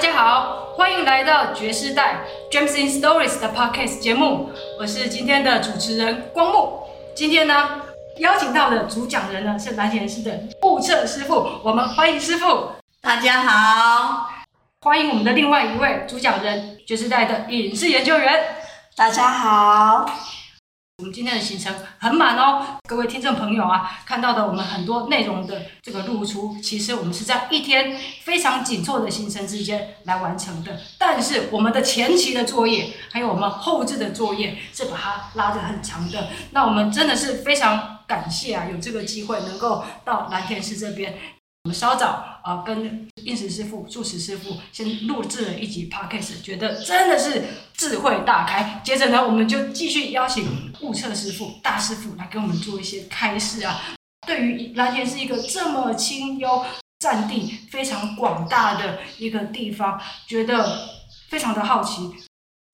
大家好，歡迎來到覺世代 Gems in Stories 的 podcast 節目，我是今天的主持人光木。今天呢，邀請到的主講人呢是藍田寺的悟徹師父，我們歡迎師父。大家好，歡迎我們的另外一位主講人覺世代的影視研究員。大家好。我們今天的行程很滿哦，各位聽眾朋友啊，看到的我們很多內容的這個露出，其實我們是在一天非常緊湊的行程之間來完成的。但是我們的前期的作業，還有我們後製的作業是把它拉得很長的。那我們真的是非常感謝啊，有這個機會能夠到藍田寺這邊。 我們稍早啊、呃，跟應食師傅、素食師傅先錄製了一集 podcast，覺得真的是智慧大開。接着呢，我們就繼續邀請悟徹師傅、大師傅來跟我們做一些開示啊。對於藍田是一個這麼清幽、佔地非常廣大的一個地方，覺得非常的好奇。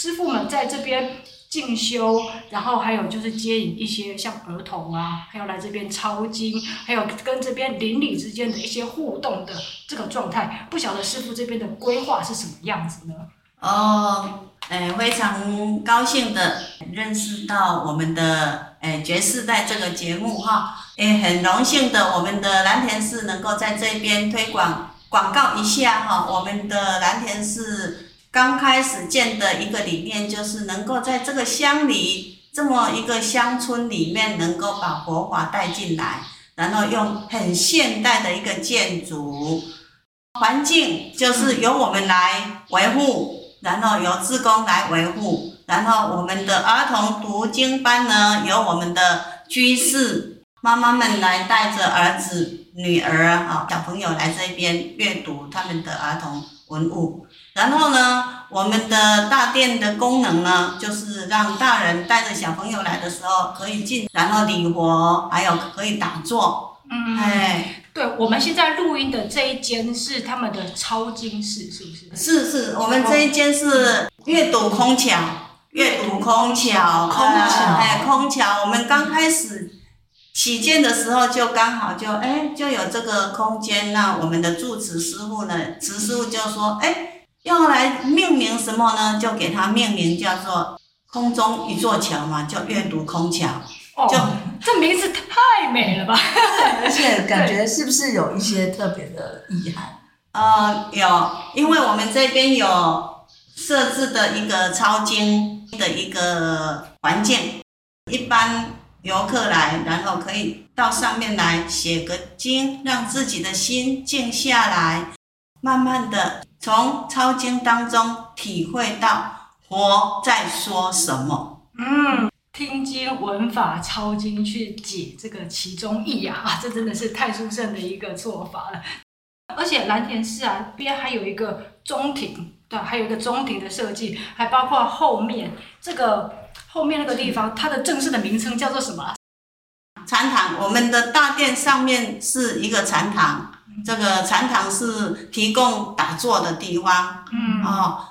師傅們在這邊。進修，然後還有就是接引一些像兒童啊，還有來這邊抄經，還有跟這邊鄰里之間的一些互動的這個狀態，不曉得師父這邊的規劃是什麼樣子呢？哦，哎、欸，非常高興的認識到我們的誒、欸、覺世代這個節目哈，也、哦欸、很榮幸的我們的藍田寺能夠在這邊推廣廣告一下哈、哦哦，我們的藍田寺。剛開始建的一個理念就是能夠在這個鄉里這麼一個鄉村裡面，能夠把國華帶進來，然後用很現代的一個建築環境，就是由我們來維護，然後由志工來維護，然後我們的兒童讀經班呢，由我們的居士媽媽們來帶着兒子、女兒啊，小朋友來這邊閱讀他們的兒童文物。然後呢，我們的大殿的功能呢，就是讓大人帶着小朋友來的時候可以進，然後禮佛，還有可以打坐。嗯、哎，對，我們現在錄音的這一間是他們的抄經室，是不是？是是，我們這一間是閱讀空橋，閱、嗯、讀空橋，空橋，哎、呃，空橋。我們剛開始起建的時候就剛好就哎就有這個空間，讓我們的住持師父呢，持師父就說哎。用來命名什麼呢？就給它命名叫做“空中一座橋”嘛，叫“閱讀空橋”就。哦，這名字太美了吧！ 而且感覺是不是有一些特別的遺憾？呃，有，因為我們這邊有設置的一個抄經的一個環境，一般遊客來，然後可以到上面來寫個經，讓自己的心靜下來，慢慢的。從抄經當中體會到佛在說什麼。嗯，聽經聞法抄經去解這個其中意啊，啊，這真的是太殊勝的一個做法了。而且藍田寺啊，邊還有一個中庭，對，啊，還有一個中庭的設計，還包括後面這個後面那個地方，它的正式的名稱叫做什麼？禪堂，我們的大殿上面是一個禪堂，這個禪堂是提供打坐的地方。嗯、哦，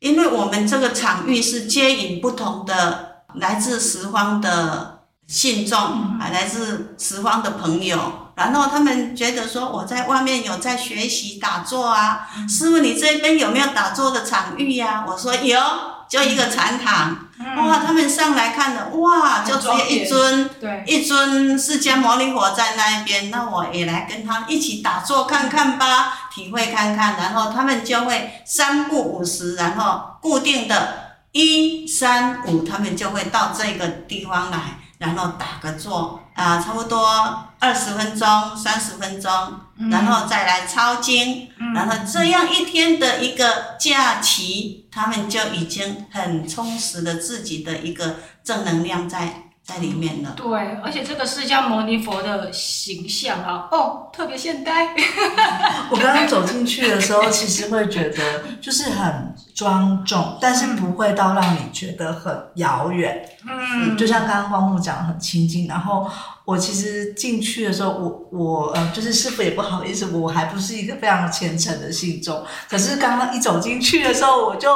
因為我們這個場域是接引不同的來自十方的信眾啊、嗯，來自十方的朋友，然後他們覺得說我在外面有在學習打坐啊，師父你這邊有沒有打坐的場域呀、啊？我說有，就一個禪堂。嗯、哇，他們上來看了，哇，就只有一尊，對，一尊釋迦牟尼佛在那一邊，那我也來跟他們一起打坐看看吧，體會看看，然後他們就會三不五時，然後固定的一三五，他們就會到這個地方來，然後打個坐。啊，差不多二十分鐘、三十分鐘，嗯，然後再來抄經，嗯，然後這樣一天的一個假期，他們就已經很充實了自己的一個正能量在。在裡面呢、嗯。對，而且這個是釋迦牟尼佛的形象啊，哦、oh,，特別現代。 我剛剛走進去的時候，其實會覺得就是很莊重，但是不會到讓你覺得很遙遠、嗯。嗯，就像剛剛光木講的很親近。然後我其實進去的時候，我我呃，就是師父也不好意思，我還不是一個非常虔誠的信眾。可是剛剛一走進去的時候，我就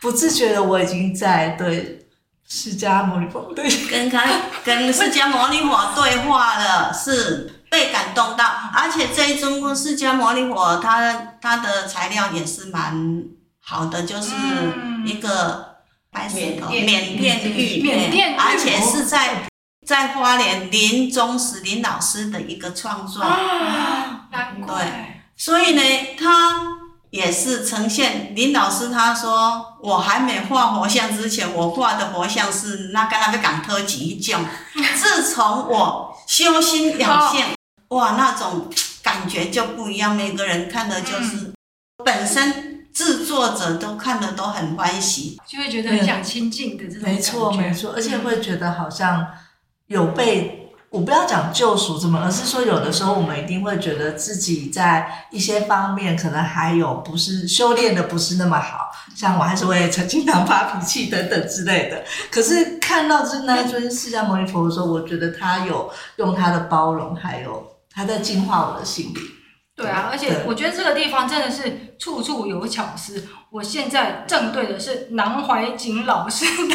不自覺的我已經在對。釋迦牟尼佛，對，跟他跟釋迦牟尼佛對話了，是被感動到，而且這一尊釋迦牟尼佛，它它的材料也是蠻好的，就是一個白緬頭、嗯，緬甸玉，緬甸，而且是在在花蓮林宗時林老師的一個創作、啊，對，所以呢，他也是呈現林老師他說。我還沒畫佛像之前，我畫的佛像是那個那個趕特雞一 自從我修心養性， 哇，那種感覺就不一樣。每個人看的就是、嗯、本身製作者都看的都很歡喜，就會覺得很想親近的這種感覺。嗯、沒錯沒錯，而且會覺得好像有被。我不要講救贖怎麼，而是說有的時候我們一定會覺得自己在一些方面可能還有不是修煉的不是那麼好，像我還是會曾經常發脾氣等等之類的。可是看到這那尊釋迦牟尼佛的時候，我覺得他有用他的包容，還有他在淨化我的心靈。對啊，而且我覺得這個地方真的是處處有巧思。我現在正對的是南懷瑾老師的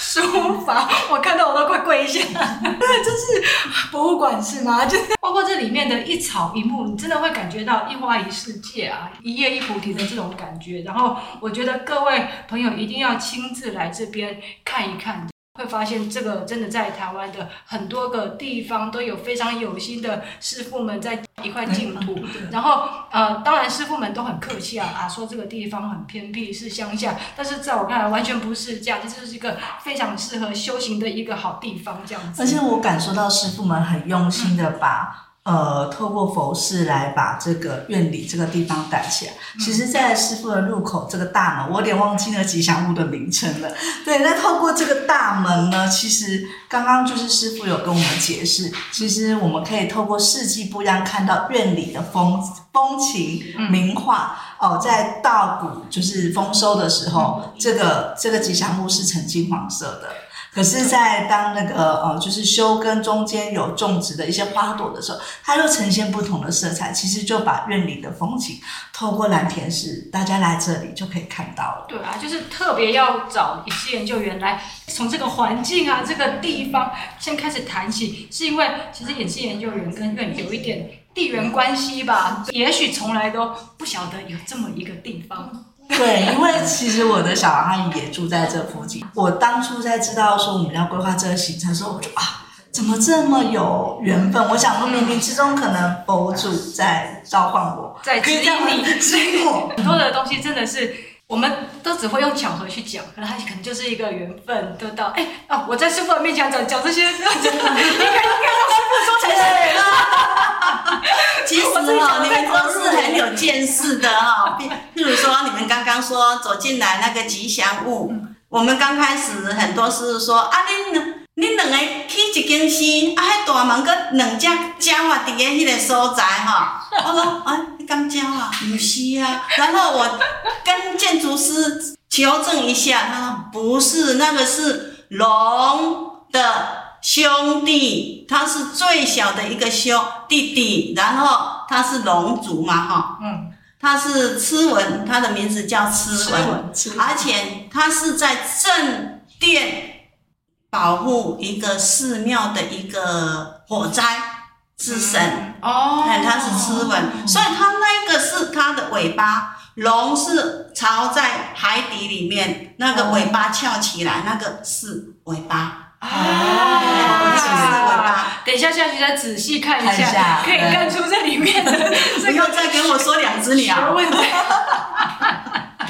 書房，我看到我都快跪下了，就 是博物館是嗎？就 包括這裡面的一草一木，你真的會感覺到一花一世界啊，一葉一菩提的這種感覺。然後我覺得各位朋友一定要親自來這邊看一看。發現這個真的在台灣的很多個地方都有非常有心的師父們在一塊淨土，然後呃，當然師父們都很客氣啊啊，說這個地方很偏僻是鄉下，但是在我看來完全不是這樣，這就是一個非常適合修行的一個好地方，這樣子。而且我感受到師父們很用心地把、嗯。呃，透過佛寺來把這個苑裡這個地方帶起來。其實，在師父的入口、嗯、這個大門，我有點忘記那個吉祥物的名稱了。對，那透過這個大門呢，其實剛剛就是師父有跟我們解釋，其實我們可以透過四季不一樣看到苑裡的風風情、名畫、嗯。哦，在稻穀就是豐收的時候，嗯、這個這個吉祥物是呈金黃色的。可是，在當那個呃、嗯，就是修根中間有種植的一些花朵的時候，它又呈現不同的色彩。其實就把苑裡的風景，透過藍田寺，大家來這裡就可以看到了。對啊，就是特別要找野性研究員來從這個環境啊，這個地方先開始談起，是因為其實野性研究員跟苑裡有，有一點地緣關係吧？嗯、也許從來都不曉得有這麼一個地方。嗯。 對，因為其實我的小阿姨也住在這附近。我當初在知道說我們要規劃這個行程的時候，我就啊，怎麼這麼有緣分？我想說冥冥之中可能博主在召喚我，在，可以讓你追我。很多的東西真的是。我們都只會用巧合去講，可能他可能就是一個緣分得到。哎、欸、哦，我在師傅的面前講講這些，真的應該應該讓師傅說才是。 其實哦，你們都是很有見識的哈。比，譬如說你們剛剛說走進來那個吉祥物，嗯、我們剛開始很多師傅說啊，你兩你兩個去一間寺，啊，迄大門佫兩隻鳥佇個迄個所在哈。我說啊，你講鳥啊？不是啊。然後我。跟建築師求證一下，他說不是，那個是龍的兄弟，他是最小的一個兄弟弟，然後他是龍族嘛，哈，嗯，他是鴟吻，他的名字叫鴟吻，而且他是在正殿保護一個寺廟的一個火災之神，嗯，哦，他是鴟吻，所以他那個是他的尾巴。龍是朝在海底裡面，那個尾巴翹起來，那個是尾巴。啊！嗯、是是等一下下去再仔細看一下，一下可以看出這裡面，這個嗯、 不要再跟我說兩隻鳥。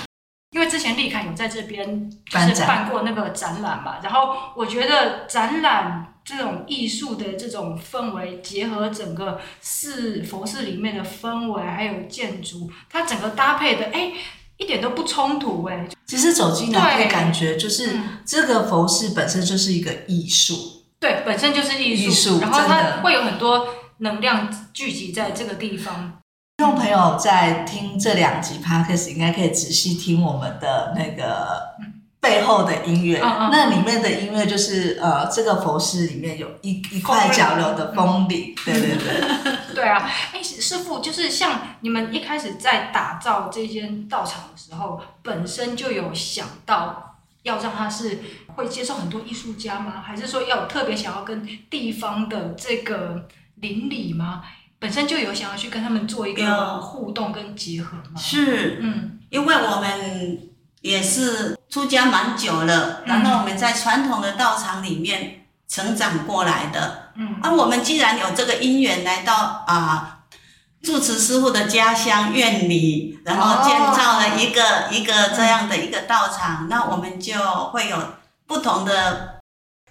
因為之前立凱有在這邊就是辦過那個展覽嘛展，然後我覺得展覽。這種藝術的這種氛圍，結合整個寺佛寺裡面的氛圍，還有建築，它整個搭配的，哎，一點都不衝突，哎。其實走進來會感覺，就是這個佛寺本身就是一個藝術。嗯、對，本身就是藝術，藝術，然後它會有很多能量聚集在這個地方。聽眾、嗯、朋友在聽這兩集 Podcast 應該可以仔細聽我們的那個。背後的音樂、嗯嗯嗯，那裡面的音樂就是呃，這個佛寺裡面有一一塊角落的風鈴、嗯嗯，對對對， 對啊，哎、欸、師父，就是像你們一開始在打造這間道場的時候，本身就有想到要讓他是會接受很多藝術家嗎？還是說要特別想要跟地方的這個鄰里嗎？本身就有想要去跟他們做一個互動跟結合嗎？是，嗯，因為我們。也是出家蠻久了，然後我們在傳統的道場裡面成長過來的，嗯，那、啊、我們既然有這個因緣來到啊、呃，住持師父的家鄉苑裡，然後建造了一個、哦、一個這樣的一個道場，那我們就會有不同的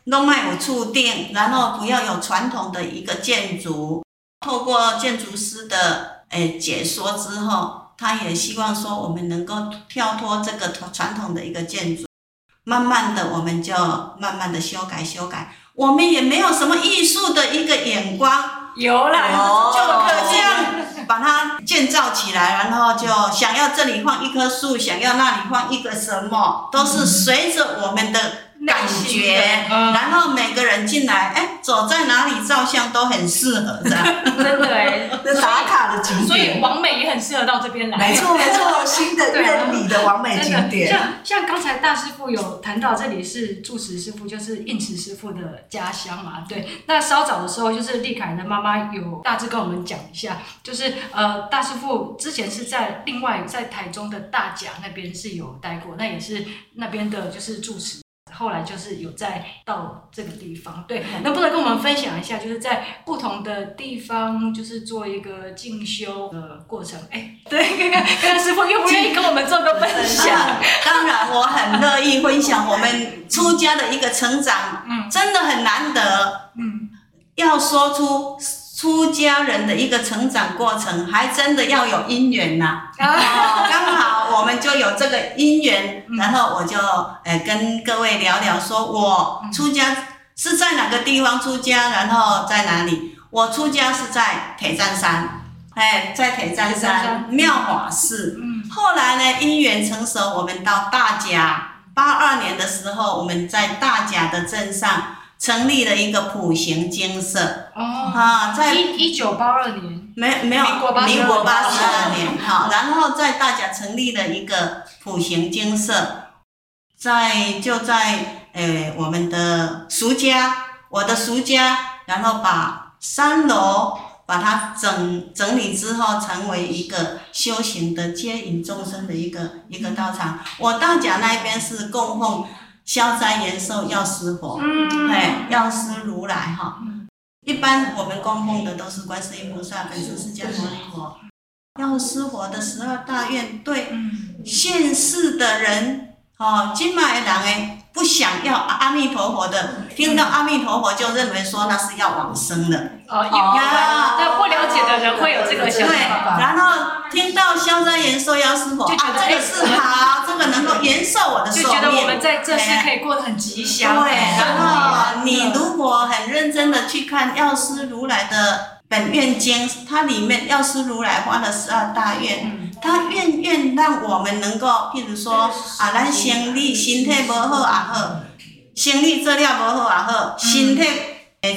弄脈五處定，然後不要有傳統的一個建築，透過建築師的哎解說之後。他也希望說我們能夠跳脫這個傳統的一個建築，慢慢的我們就慢慢的修改修改。我們也沒有什麼藝術的一個眼光，由來，就可這樣把它建造起來， 然後就想要這裡放一棵樹，想要那裡放一個什麼，都是隨着我們的。感覺、嗯，然後每個人進來，哎、欸，走在哪裡照相都很適合的， 真的哎，打卡的景點。所以王美也很適合到這邊來，沒錯沒錯，新的地、 啊、理的王美景點。真的像像剛才大師父有談到，這裡是住持師父，就是應慈師父的家鄉嘛。對，那稍早的時候，就是麗凱的媽媽有大致跟我們講一下，就是呃，大師父之前是在另外在台中的大甲那邊是有待過，那也是那邊的，就是住持。後來就是有再到這個地方，對，能不能跟我們分享一下，就是在不同的地方就是做一個進修的過程？哎，對，師父願不願意跟我們做個分享 、啊？當然，我很樂意分享我們出家的一個成長，嗯，真的很難得，嗯，要說出。出家人的一個成長過程，還真的要有因緣吶、啊。剛、 哦、好，我們就有這個因緣，然後我就、欸、跟各位聊聊說，說我出家是在哪個地方出家，然後在哪裡？嗯、我出家是在鐵砧山，山，哎、欸，在鐵砧山妙法寺，嗯。後來呢，因緣成熟，我們到大甲，八二年的時候，我們在大甲的鎮上。成立了一個普賢精舍，啊、oh，在一九八二年，沒沒有，民國八十二年，好，然後在大甲成立了一個普賢精舍，在就在誒、哎、我們的俗家，我的俗家，然後把三樓把它整整理之後，成為一個修行的接引眾生的一個一個道場，我大甲那邊是供奉、消災延壽藥師佛，哎，藥師如來哈。一般我們供奉的都是觀世音菩薩，本身是藥師佛。藥師佛的十二大願，對，現世的人哦，金馬銀哎。不想要阿彌陀佛的，聽到阿彌陀佛就認為說那是要往生的。哦、嗯，對，但不了解的人會有這個想法、嗯、對。然後聽到消災延壽藥師佛，啊，這個是好，這個能夠延壽我的壽命，就覺得我們在這是可以過得很吉祥、欸。對，對、啊，然後你如果很認真的去看藥師如來的。本願經，它裡面藥師如來發了十二大願，他願願讓我們能夠，譬如說啊，咱生理心態無好啊好，生理做了無好啊好，身體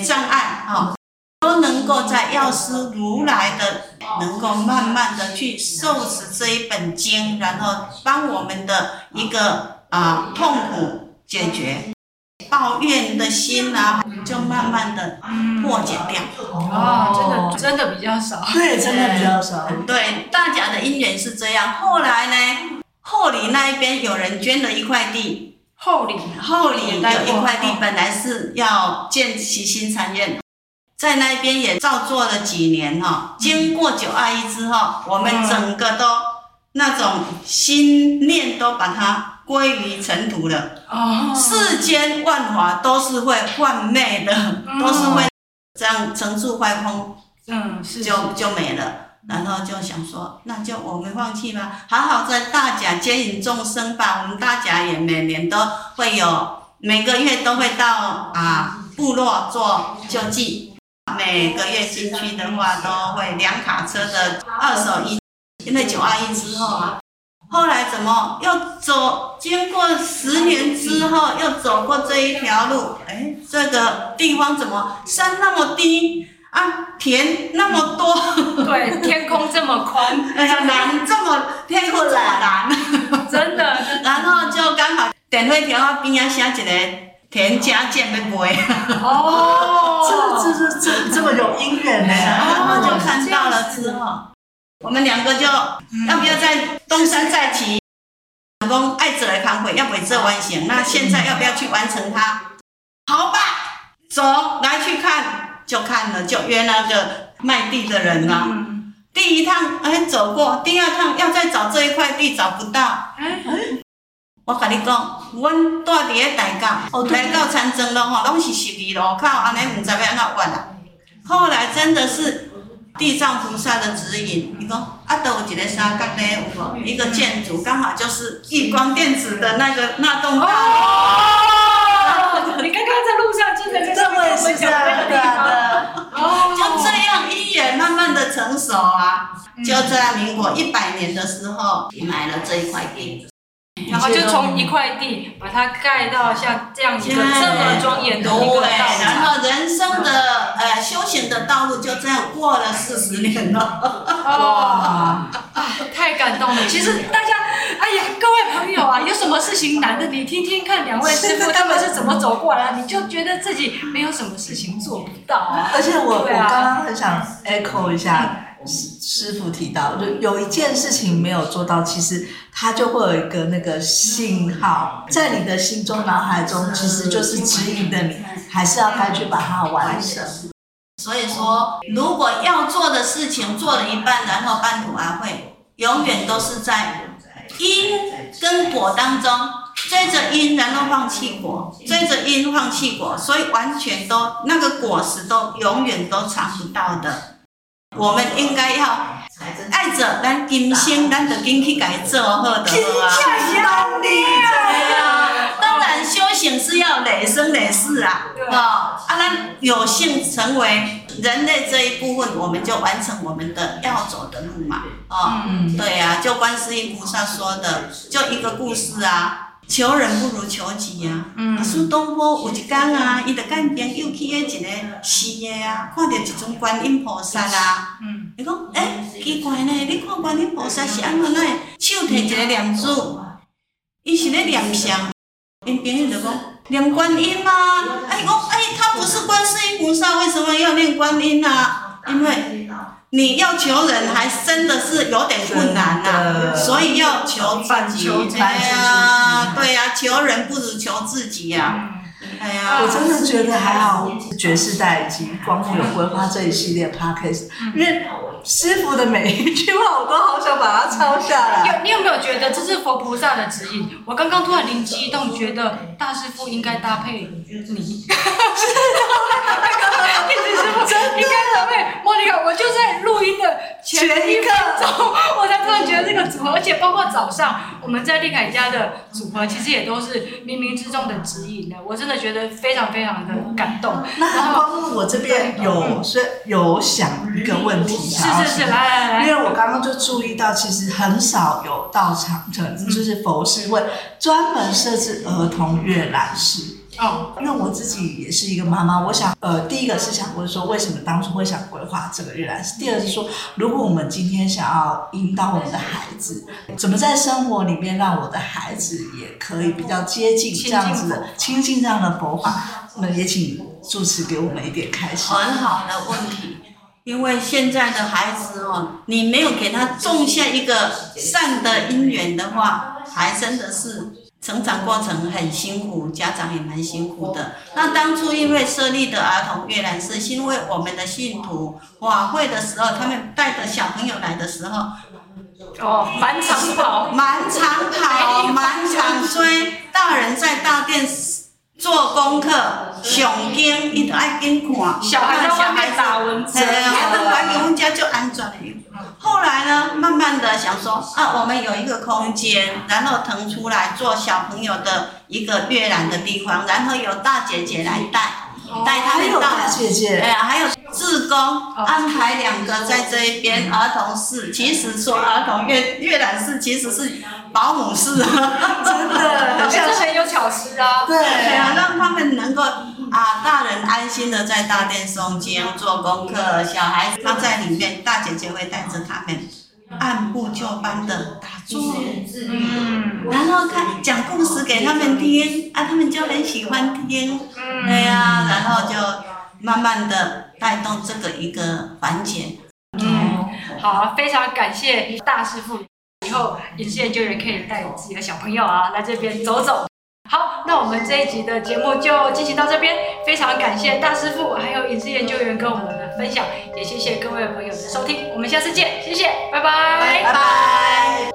障礙啊，都能夠在藥師如來的能夠慢慢的去受持這一本經，然後幫我們的一個啊痛苦解決。抱怨的心啊，就慢慢的破解掉。嗯嗯、哦，真的真的比較少。對，真的比較少對。對，大家的因緣是這樣。後來呢，後里那一邊有人捐了一塊地，後里后里有一塊地，本來是要建慈心禪院，在那邊也照做了幾年哈、哦。經過九二一之後，我們整個都、嗯、那種心念都把它。歸於塵土了。世間萬法都是會幻滅的，都是會這樣成住壞空。嗯，就就沒了。然後就想說，那就我們放棄吧，好好在大甲接引眾生吧。我們大甲也每年都會有，每個月都會到啊部落做救濟。每個月進去的話，都會兩卡車的二手衣。因為九二一之後啊。後來怎麼又走？經過十年之後又走過這一條路，哎、欸，這個地方怎麼山那麼低啊？田那麼多，嗯、對，天空這麼寬，哎 呀、啊，藍這麼天空這麼藍，真的。然後就剛好等會電話冰箱寫一個田家見的妹，哦， 這這這這 這麼有姻緣的，然 後、哦哦、就看到了之後。我們兩個就要不要再東山再起，成功愛子來開會，要不要這完行？那現在要不要去完成它？好吧，走來去看，就看了，就約那個賣地的人了。第一趟哎，走過，第二趟要再找這一塊地找不到。我跟你講，我住佇個台教，哦，台到長征了哈，攏是十人了，靠，安尼唔知要安怎玩啊？後來真的是，地藏菩薩的指引，你說阿斗、啊、一個啥格呢？一個建築剛好就是億光電子的那個那棟大樓。你剛剛在路上之的，就給我們講那個地方了，哦。就這樣，因緣慢慢的成熟啊，就在民國一百年的時候，你買了這一塊地。然後就從一塊地，把它蓋到像這樣一個這麼莊嚴的一個道場。對，然後人生的呃修行的道路就這樣過了四十年了哇。哇，太感動了！其實大家，哎呀，各位朋友啊，有什麼事情難的， 你聽聽看兩位師傅他們是怎麼走過來，你就覺得自己沒有什麼事情做不到啊。而且我、啊、我剛剛很想 echo 一下。師父提到，就有一件事情沒有做到，其實他就會有一個那個信號在你的心中、腦海中，其實就是指引著你，還是要再去把它完成。所以說，如果要做的事情做了一半，然後半途而廢，永遠都是在因跟果當中追着因，然後放棄果，追着因放棄果，所以完全都那個果實都永遠都嘗不到的。我們應該要愛着咱今生，咱就盡去改造好的對，對不、啊、對？天啊！當然修行是要累生累世啊！哦、啊啊，啊，那有幸成為人類這一部分，我們就完成我們的要走的路嘛！哦，對呀、啊，就觀世音菩薩說的，就一個故事啊。求人不如求己啊！嗯，啊，蘇東坡有一天啊，伊著甲因朋友去一個寺誒啊，看到一尊觀音菩薩啊，嗯，伊講誒，奇怪呢、欸，你看觀音菩薩是安怎奈，手摕一個念珠，伊是咧念相，因朋友著講念觀音啊。哎，伊講哎，他不是觀世音菩薩，為什麼要念觀音啊？因為你要求人，還真的是有點困難吶，啊，所以要求自己。財、哎呀，哎、呀，對呀，求人不如求自己呀，啊嗯。哎呀，我真的覺得還好。嗯、覺世代及光學有規劃這一系列 podcast、嗯、因為師父的每一句話，我都好想把它抄下來。嗯、你有你有沒有覺得這是佛菩薩的指引？我剛剛突然靈機一動，覺得大師父應該搭配你 啊、真的，應該，莫妮卡，我就在錄音的前一刻鐘，個 我才突然覺得這個組合，而且包括早上我們在立凱家的組合，其實也都是冥冥之中的指引的。我真的覺得非常非常的感動。嗯、然後那還我這邊有、嗯、有想一個問題、啊，是是是，來，來來來，因為我剛剛就注意到，其實很少有道場，甚至就是佛寺問、嗯，專門設置兒童閱覽室。哦，因為我自己也是一個媽媽，我想，呃，第一個是想問說，為什麼當初會想規劃這個玉蘭？第二是說，如果我們今天想要引導我們的孩子，怎麼在生活裡面讓我的孩子也可以比較接近這樣子，的，親近，近這樣的佛法？那也請住持給我們一點開示。很好的問題，因為現在的孩子哦，你沒有給他種下一個善的因緣的話，還真的是。成長過程很辛苦，家長也蠻辛苦的。那當初因為設立的兒童閱覽室，是因為我們的信徒法會的時候，他們帶着小朋友來的時候，哦，滿場跑，滿場跑，滿場追，大人在大殿。做功課、想鏡，你都愛跟看。嗯、看小孩在外面打文字，哎，我們家就安全的。後來呢，慢慢的想說啊，我們有一個空間，然後騰出來做小朋友的一個閱覽的地方，然後有大姐姐來帶，帶、哦、他們到來。到。還有大姐姐。哎呀，還有志工安排兩個在這一邊、嗯、兒童室，其實說兒童閱閱覽室其實是。保姆式哈，真的，而且、欸、很有巧思啊。對，對啊、讓他們能夠啊，大人安心的在大殿中間做功課，小孩子他在裡面，大姐姐會帶着他們按部就班的打坐，嗯，然後看講故事給他們聽，啊，他們就很喜歡聽，嗯、對呀、啊，然後就慢慢的帶動這個一個環節、嗯。嗯，好、啊，非常感謝大師傅。以後影視研究員可以帶自己的小朋友啊來這邊走走。好，那我們這一集的節目就進行到這邊，非常感謝大師父還有影視研究員跟我們的分享，也謝謝各位朋友的收聽，我們下次見，謝謝，拜拜，拜拜。